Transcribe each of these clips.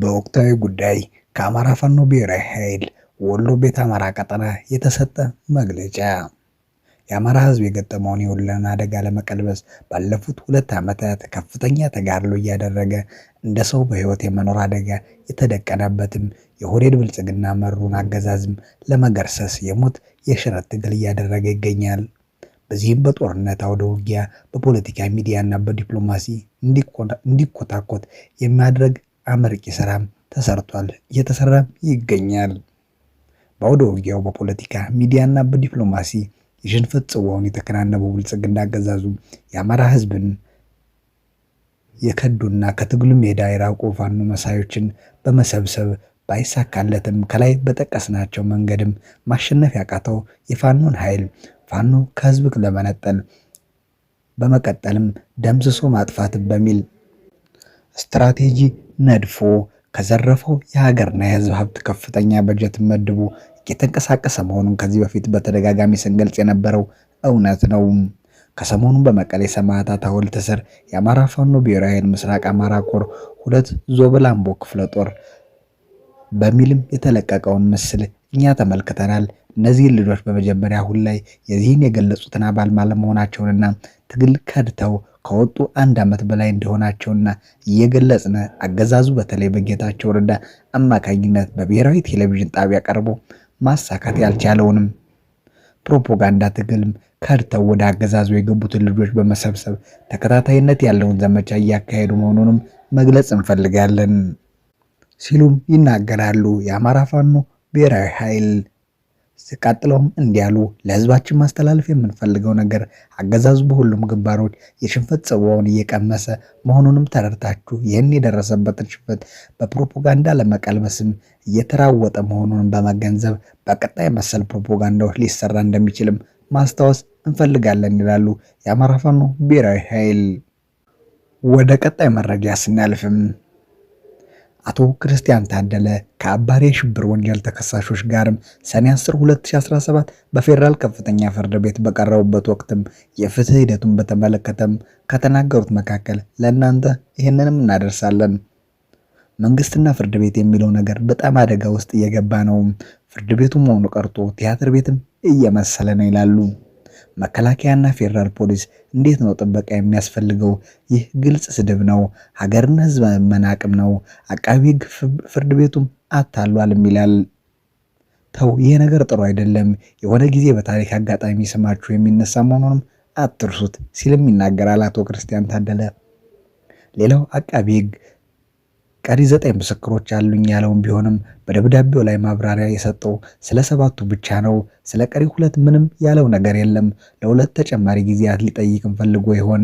በወቅታዊ ጉዳይ ከአማራ ፋኖ ብሔራዊ ኃይል ወሎ ቤት አማራ ቀጠና የተሰጠ መግለጫ የአማራ ሕዝብ የገጠመውን የወለን አደጋ ለመቀልበስ ባለፉት ሁለት ዓመታት ከፍተኛ ተጋድሎ እያደረገ እንደ ሰው በሕይወት የመኖር አደጋ የተደቀነበትም የሆዴድ ብልጽግና መሩን አገዛዝም ለመገርሰስ የሞት የሽረት ትግል እያደረገ ይገኛል። በዚህም በጦርነት አውደ ውጊያ በፖለቲካ ሚዲያና በዲፕሎማሲ እንዲኮታኮት የሚያደርግ አመርቂ ስራ ተሰርቷል፣ እየተሰራ ይገኛል። በአውደ ውጊያው በፖለቲካ ሚዲያና በዲፕሎማሲ የሽንፈት ጽዋውን የተከናነበው ብልጽግና አገዛዙ የአማራ ህዝብን የከዱና ከትግሉ ሜዳ የራቁ ፋኖ መሳዮችን በመሰብሰብ ባይሳካለትም ከላይ በጠቀስናቸው መንገድም ማሸነፍ ያቃተው የፋኖን ኃይል ፋኖ ከህዝብ ለመነጠል በመቀጠልም ደምስሶ ማጥፋት በሚል ስትራቴጂ ነድፎ ከዘረፈው የሀገርና የሕዝብ ሀብት ከፍተኛ በጀት መድቦ እየተንቀሳቀሰ መሆኑን ከዚህ በፊት በተደጋጋሚ ስንገልጽ የነበረው እውነት ነው። ከሰሞኑን በመቀሌ ሰማዕታት ሐውልት ስር የአማራ ፋኖ ብሔራዊ ኃይል ምስራቅ አማራ ኮር ሁለት ዞብላምቦ ክፍለ ጦር በሚልም የተለቀቀውን ምስል እኛ ተመልክተናል። እነዚህን ልጆች በመጀመሪያ አሁን ላይ የዚህን የገለጹትን አባል ማለመሆናቸውንና ትግል ከድተው ከወጡ አንድ ዓመት በላይ እንደሆናቸውና እየገለጽነ አገዛዙ በተለይ በጌታቸው ረዳ አማካኝነት በብሔራዊ ቴሌቪዥን ጣቢያ ቀርቦ ማሳካት ያልቻለውንም ፕሮፓጋንዳ ትግልም ከድተው ወደ አገዛዙ የገቡትን ልጆች በመሰብሰብ ተከታታይነት ያለውን ዘመቻ እያካሄዱ መሆኑንም መግለጽ እንፈልጋለን ሲሉም ይናገራሉ። የአማራ ፋኖ ብሔራዊ ኃይል ሲቀጥለውም እንዲያሉ ለህዝባችን ማስተላለፍ የምንፈልገው ነገር አገዛዙ በሁሉም ግንባሮች የሽንፈት ጽዋውን እየቀመሰ መሆኑንም ተረድታችሁ ይህን የደረሰበትን ሽንፈት በፕሮፓጋንዳ ለመቀልበስም እየተራወጠ መሆኑን በመገንዘብ በቀጣይ መሰል ፕሮፓጋንዳዎች ሊሰራ እንደሚችልም ማስታወስ እንፈልጋለን ይላሉ የአማራ ፋኖ ብሔራዊ ኃይል። ወደ ቀጣይ መረጃ ስናልፍም አቶ ክርስቲያን ታደለ ከአባሪ የሽብር ወንጀል ተከሳሾች ጋርም ሰኔ 10 2017 በፌዴራል ከፍተኛ ፍርድ ቤት በቀረቡበት ወቅትም የፍትህ ሂደቱን በተመለከተም ከተናገሩት መካከል ለእናንተ ይህንንም እናደርሳለን። መንግስትና ፍርድ ቤት የሚለው ነገር በጣም አደጋ ውስጥ እየገባ ነው። ፍርድ ቤቱ መሆኑ ቀርቶ ቲያትር ቤትም እየመሰለ ነው ይላሉ። መከላከያና ፌዴራል ፖሊስ እንዴት ነው ጥበቃ የሚያስፈልገው? ይህ ግልጽ ስድብ ነው፣ ሀገርና ህዝብ መናቅም ነው። አቃቢ ህግ ፍርድ ቤቱም አታሏልም ይላል። ተው፣ ይህ ነገር ጥሩ አይደለም። የሆነ ጊዜ በታሪክ አጋጣሚ ስማችሁ የሚነሳ መሆኑንም አትርሱት ሲልም ይናገራል አቶ ክርስቲያን ታደለ። ሌላው አቃቢ ህግ ቀሪ ዘጠኝ ምስክሮች አሉኝ ያለውን ቢሆንም በደብዳቤው ላይ ማብራሪያ የሰጠው ስለ ሰባቱ ብቻ ነው። ስለ ቀሪ ሁለት ምንም ያለው ነገር የለም። ለሁለት ተጨማሪ ጊዜያት ሊጠይቅም ፈልጎ ይሆን?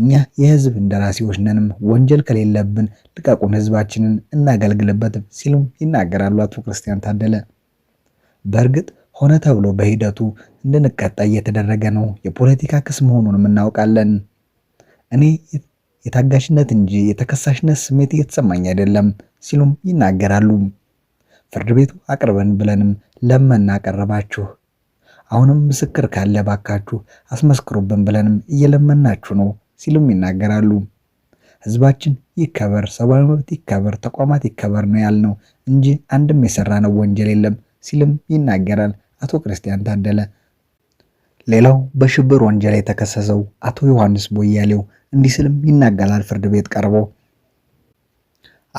እኛ የህዝብ እንደራሴዎች ነንም፣ ወንጀል ከሌለብን ልቀቁን፣ ህዝባችንን እናገልግልበት ሲሉም ይናገራሉ አቶ ክርስቲያን ታደለ። በእርግጥ ሆነ ተብሎ በሂደቱ እንድንቀጣ እየተደረገ ነው። የፖለቲካ ክስ መሆኑንም እናውቃለን። እኔ የታጋሽነት እንጂ የተከሳሽነት ስሜት እየተሰማኝ አይደለም ሲሉም ይናገራሉ። ፍርድ ቤቱ አቅርበን ብለንም ለመና ቀረባችሁ። አሁንም ምስክር ካለ ባካችሁ አስመስክሩብን ብለንም እየለመናችሁ ነው ሲሉም ይናገራሉ። ህዝባችን ይከበር፣ ሰብአዊ መብት ይከበር፣ ተቋማት ይከበር ነው ያልነው እንጂ አንድም የሰራነው ወንጀል የለም ሲልም ይናገራል አቶ ክርስቲያን ታደለ። ሌላው በሽብር ወንጀል የተከሰሰው አቶ ዮሐንስ ቦያሌው እንዲህ ስልም ይናገራል። ፍርድ ቤት ቀርቦ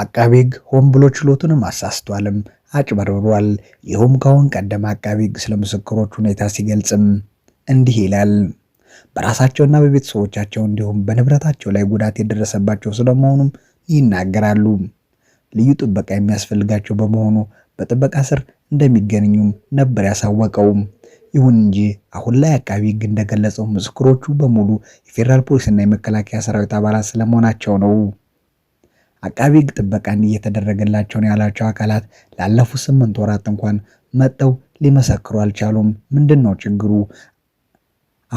አቃቢ ሕግ ሆን ብሎ ችሎቱንም አሳስቷልም አጭበርብሯል። ይኸውም ከአሁን ቀደም አቃቢ ሕግ ስለ ምስክሮች ሁኔታ ሲገልጽም እንዲህ ይላል። በራሳቸውና በቤተሰቦቻቸው እንዲሁም በንብረታቸው ላይ ጉዳት የደረሰባቸው ስለመሆኑም ይናገራሉ። ልዩ ጥበቃ የሚያስፈልጋቸው በመሆኑ በጥበቃ ስር እንደሚገኙም ነበር ያሳወቀውም። ይሁን እንጂ አሁን ላይ አቃቢ ህግ እንደገለጸው ምስክሮቹ በሙሉ የፌዴራል ፖሊስና የመከላከያ ሰራዊት አባላት ስለመሆናቸው ነው። አቃቢ ሕግ ጥበቃን እየተደረገላቸው ነው ያላቸው አካላት ላለፉት ስምንት ወራት እንኳን መጠው ሊመሰክሩ አልቻሉም። ምንድን ነው ችግሩ?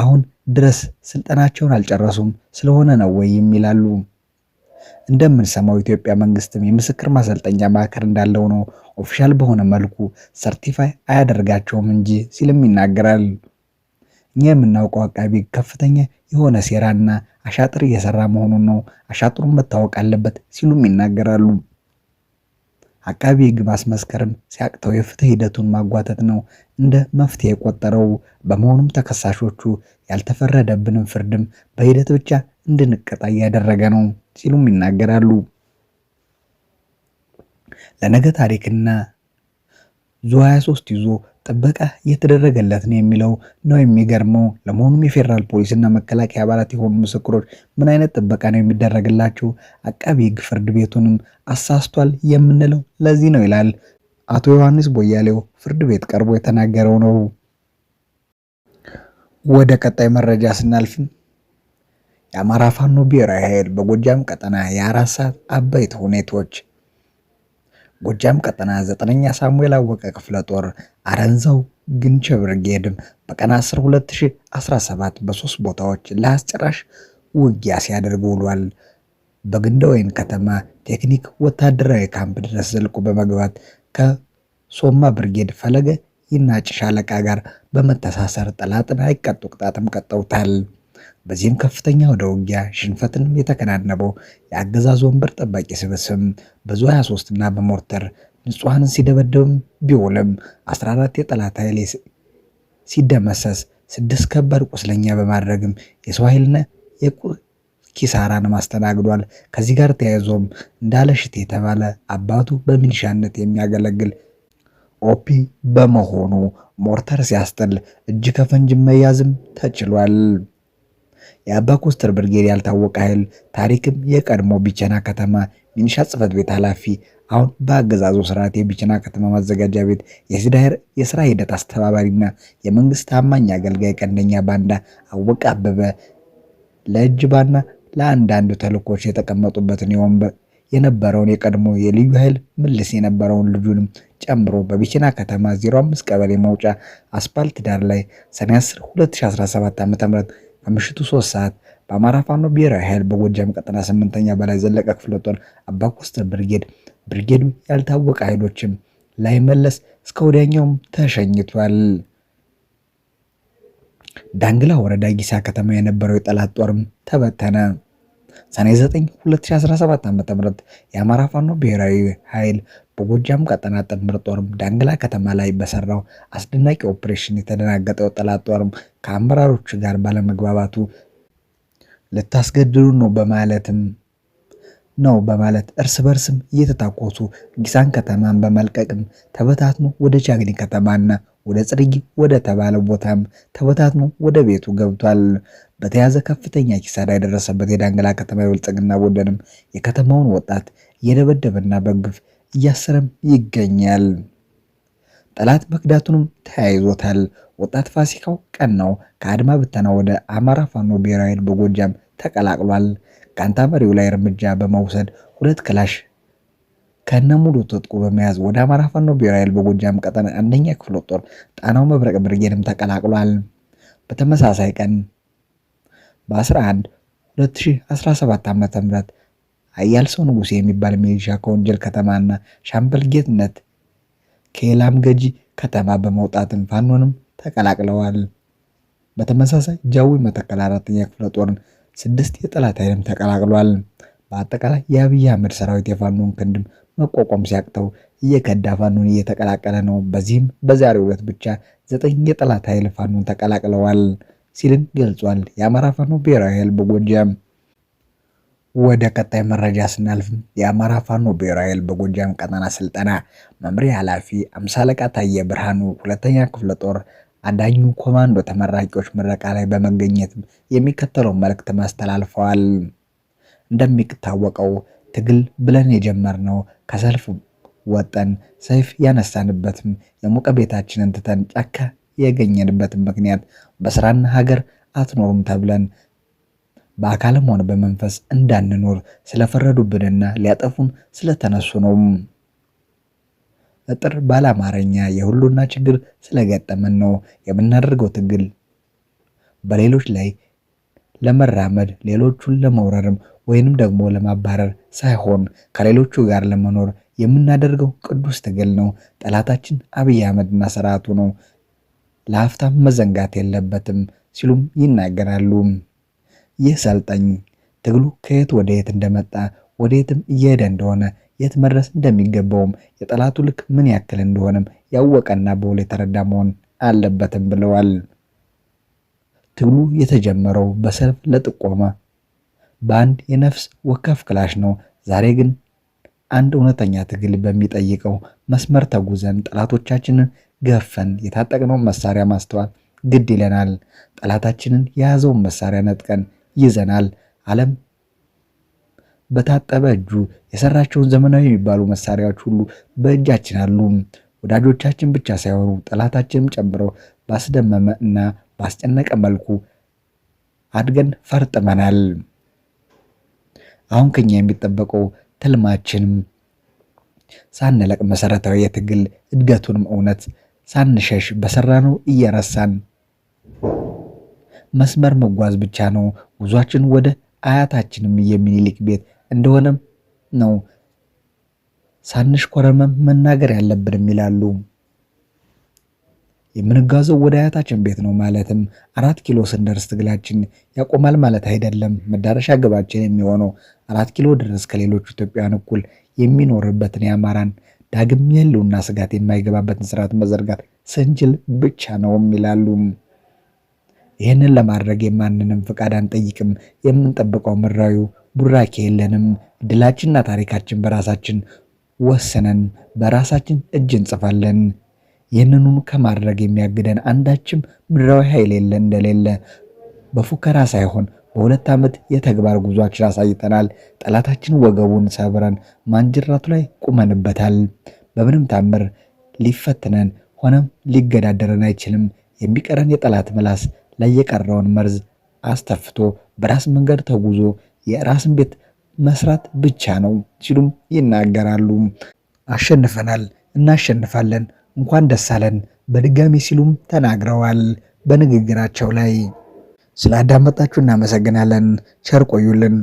አሁን ድረስ ስልጠናቸውን አልጨረሱም ስለሆነ ነው ወይ የሚላሉ። እንደምንሰማው ኢትዮጵያ መንግስትም የምስክር ማሰልጠኛ ማዕከል እንዳለው ነው ኦፊሻል በሆነ መልኩ ሰርቲፋይ አያደርጋቸውም እንጂ ሲልም ይናገራል። እኛ የምናውቀው አቃቢ ከፍተኛ የሆነ ሴራና አሻጥር እየሰራ መሆኑን ነው። አሻጥሩን መታወቅ አለበት ሲሉም ይናገራሉ። አቃቢ ሕግ ማስመስከርም ሲያቅተው የፍትህ ሂደቱን ማጓተት ነው እንደ መፍትሄ የቆጠረው። በመሆኑም ተከሳሾቹ ያልተፈረደብንም ፍርድም በሂደት ብቻ እንድንቀጣ እያደረገ ነው ሲሉም ይናገራሉ። ለነገ ታሪክና ዙ 23 ይዞ ጥበቃ እየተደረገለት ነው የሚለው ነው የሚገርመው። ለመሆኑም የፌዴራል ፖሊስና መከላከያ አባላት የሆኑ ምስክሮች ምን አይነት ጥበቃ ነው የሚደረግላቸው? አቃቢ ሕግ ፍርድ ቤቱንም አሳስቷል የምንለው ለዚህ ነው ይላል አቶ ዮሐንስ ቦያሌው ፍርድ ቤት ቀርቦ የተናገረው ነው። ወደ ቀጣይ መረጃ ስናልፍም የአማራ ፋኖ ብሔራዊ ኃይል በጎጃም ቀጠና የአራት ሰዓት አበይት ሁኔታዎች ጎጃም ቀጠና ዘጠነኛ ሳሙኤል አወቀ ክፍለ ጦር አረንዛው ግንቸ ብርጌድም በቀን 10 2017 በሶስት ቦታዎች ለአስጨራሽ ውጊያ ሲያደርግ ውሏል። በግንደ ወይን ከተማ ቴክኒክ ወታደራዊ ካምፕ ድረስ ዘልቆ በመግባት ከሶማ ብርጌድ ፈለገ ይናጭ ሻለቃ ጋር በመተሳሰር ጠላትን አይቀጡ ቅጣትም ቀጠውታል። በዚህም ከፍተኛ ወደ ውጊያ ሽንፈትንም የተከናነበው የአገዛዙ ወንበር ጠባቂ ስብስብ በዙ 23 እና በሞርተር ንጹሐንን ሲደበድብም ቢውልም 14 የጠላት ኃይል ሲደመሰስ ስድስት ከባድ ቁስለኛ በማድረግም የሰው ኃይልና ኪሳራን አስተናግዷል። ከዚህ ጋር ተያይዞም እንዳለ ሽት የተባለ አባቱ በሚኒሻነት የሚያገለግል ኦፒ በመሆኑ ሞርተር ሲያስጥል እጅ ከፈንጅ መያዝም ተችሏል። የአባ ኮስተር ብርጌድ ያልታወቀ ኃይል ታሪክም የቀድሞ ቢቸና ከተማ ሚኒሻ ጽሕፈት ቤት ኃላፊ አሁን በአገዛዙ ስርዓት የቢቸና ከተማ ማዘጋጃ ቤት የሲዳይር የስራ ሂደት አስተባባሪና የመንግስት አማኝ አገልጋይ ቀንደኛ ባንዳ አወቀ አበበ ለእጅባና ለአንዳንድ ተልኮች የተቀመጡበትን የወንበር የነበረውን የቀድሞ የልዩ ኃይል ምልስ የነበረውን ልጁንም ጨምሮ በቢቸና ከተማ 05 ቀበሌ መውጫ አስፓልት ዳር ላይ ሰኔ 10 2017 ም በምሽቱ ሶስት ሰዓት በአማራ ፋኖ ብሔራዊ ኃይል በጎጃም ቀጠና ስምንተኛ በላይ ዘለቀ ክፍለ ጦር አባ ብርጌድ ብርጌዱ ያልታወቀ ኃይሎችም ላይመለስ እስከ ወዲያኛውም ተሸኝቷል። ዳንግላ ወረዳ ጊሳ ከተማ የነበረው የጠላት ጦርም ተበተነ። ሰኔ 9 2017 ም የአማራ ፋኖ ብሔራዊ ኃይል በጎጃም ቀጠና ጥምር ጦርም ዳንግላ ከተማ ላይ በሰራው አስደናቂ ኦፕሬሽን የተደናገጠው ጠላት ጦርም ከአመራሮች ጋር ባለመግባባቱ ልታስገድሉ ነው በማለትም ነው በማለት እርስ በርስም እየተታኮሱ ጊሳን ከተማን በመልቀቅም ተበታትኖ ወደ ቻግኒ ከተማና ወደ ጽርጊ ወደ ተባለው ቦታም ተበታትኖ ወደ ቤቱ ገብቷል። በተያዘ ከፍተኛ ኪሳራ የደረሰበት የዳንግላ ከተማ የብልጽግና ቡድንም የከተማውን ወጣት እየደበደበና በግፍ እያሰረም ይገኛል። ጠላት መክዳቱንም ተያይዞታል። ወጣት ፋሲካው ቀናው ከአድማ ብተና ወደ አማራ ፋኖ ብሔራዊ ኃይል በጎጃም ተቀላቅሏል። ካንታ መሪው ላይ እርምጃ በመውሰድ ሁለት ክላሽ ከነሙሉ ትጥቁ በመያዝ ወደ አማራ ፋኖ ብሔራዊ ኃይል በጎጃም ቀጠና አንደኛ ክፍለ ጦር ጣናው መብረቅ ብርጌድም ተቀላቅሏል። በተመሳሳይ ቀን በ11 2017 ም አያል ሰው ንጉሴ የሚባል ሚሊሻ ከወንጀል ከተማና ሻምበል ጌትነት ከኤላም ገጂ ከተማ በመውጣትም ፋኖንም ተቀላቅለዋል። በተመሳሳይ ጃዊ መተከል አራተኛ ክፍለ ጦርን ስድስት የጠላት ኃይልም ተቀላቅሏል። በአጠቃላይ የአብይ አህመድ ሰራዊት የፋኖን ክንድም መቋቋም ሲያቅተው እየከዳ ፋኖን እየተቀላቀለ ነው። በዚህም በዛሬው ዕለት ብቻ ዘጠኝ የጠላት ኃይል ፋኖን ተቀላቅለዋል ሲልን ገልጿል። የአማራ ፋኖ ብሔራዊ ኃይል በጎጃም ወደ ቀጣይ መረጃ ስናልፍ የአማራ ፋኖ ብሔራዊ ኃይል በጎጃም ቀጠና ስልጠና መምሪያ ኃላፊ አምሳ አለቃ ታየ ብርሃኑ ሁለተኛ ክፍለ ጦር አዳኙ ኮማንዶ ተመራቂዎች ምረቃ ላይ በመገኘት የሚከተለው መልእክት ማስተላልፈዋል። እንደሚታወቀው ትግል ብለን የጀመርነው ከሰልፍ ወጠን ሰይፍ ያነሳንበትም የሙቀ ቤታችንን ትተን ጫካ ያገኘንበትም ምክንያት በስራና ሀገር አትኖሩም ተብለን በአካልም ሆነ በመንፈስ እንዳንኖር ስለፈረዱብንና ሊያጠፉን ስለተነሱ ነው። እጥር ባለ የሁሉና ችግር ስለገጠመን ነው የምናደርገው ትግል በሌሎች ላይ ለመራመድ ሌሎቹን ለመውረርም ወይንም ደግሞ ለማባረር ሳይሆን ከሌሎቹ ጋር ለመኖር የምናደርገው ቅዱስ ትግል ነው። ጠላታችን አብይ አህመድና ስርዓቱ ነው። ለአፍታም መዘንጋት የለበትም ሲሉም ይናገራሉ። ይህ ሰልጣኝ ትግሉ ከየት ወደ የት እንደመጣ ወደየትም እየሄደ እንደሆነ የት መድረስ እንደሚገባውም የጠላቱ ልክ ምን ያክል እንደሆነም ያወቀና በውል የተረዳ መሆን አለበትም ብለዋል። ትግሉ የተጀመረው በሰልፍ ለጥቆማ በአንድ የነፍስ ወከፍ ክላሽ ነው። ዛሬ ግን አንድ እውነተኛ ትግል በሚጠይቀው መስመር ተጉዘን ጠላቶቻችንን ገፈን የታጠቅነውን መሳሪያ ማስተዋል ግድ ይለናል። ጠላታችንን የያዘውን መሳሪያ ነጥቀን ይዘናል። ዓለም በታጠበ እጁ የሰራቸውን ዘመናዊ የሚባሉ መሳሪያዎች ሁሉ በእጃችን አሉ። ወዳጆቻችን ብቻ ሳይሆኑ ጠላታችንም ጨምረው ባስደመመ እና ባስጨነቀ መልኩ አድገን ፈርጥመናል። አሁን ከኛ የሚጠበቀው ትልማችንም ሳንለቅ መሰረታዊ የትግል እድገቱንም እውነት ሳንሸሽ በሰራነው እየረሳን መስመር መጓዝ ብቻ ነው። ጉዟችን ወደ አያታችንም የሚኒሊክ ቤት እንደሆነም ነው ሳንሽ ኮረመ መናገር ያለብንም ይላሉ። የምንጓዘው ወደ አያታችን ቤት ነው። ማለትም አራት ኪሎ ስንደርስ ትግላችን ያቆማል ማለት አይደለም። መዳረሻ ግባችን የሚሆነው አራት ኪሎ ድረስ ከሌሎች ኢትዮጵያውያን እኩል የሚኖርበትን የአማራን ዳግም የህልውና ስጋት የማይገባበትን ስርዓት መዘርጋት ስንችል ብቻ ነውም ይላሉም። ይህንን ለማድረግ የማንንም ፍቃድ አንጠይቅም። የምንጠብቀው ምድራዊ ቡራኬ የለንም። ድላችንና ታሪካችን በራሳችን ወስነን በራሳችን እጅ እንጽፋለን። ይህንኑም ከማድረግ የሚያግደን አንዳችም ምድራዊ ኃይል የለ እንደሌለ በፉከራ ሳይሆን በሁለት ዓመት የተግባር ጉዟችን አሳይተናል። ጠላታችን ወገቡን ሰብረን ማንጅራቱ ላይ ቁመንበታል። በምንም ታምር ሊፈትነን ሆነም ሊገዳደረን አይችልም። የሚቀረን የጠላት ምላስ ላይ የቀረውን መርዝ አስተፍቶ በራስ መንገድ ተጉዞ የራስን ቤት መስራት ብቻ ነው ሲሉም ይናገራሉ። አሸንፈናል፣ እናሸንፋለን፣ እንኳን ደስ አለን በድጋሚ ሲሉም ተናግረዋል። በንግግራቸው ላይ ስላዳመጣችሁ እናመሰግናለን። ቸር ቆዩልን።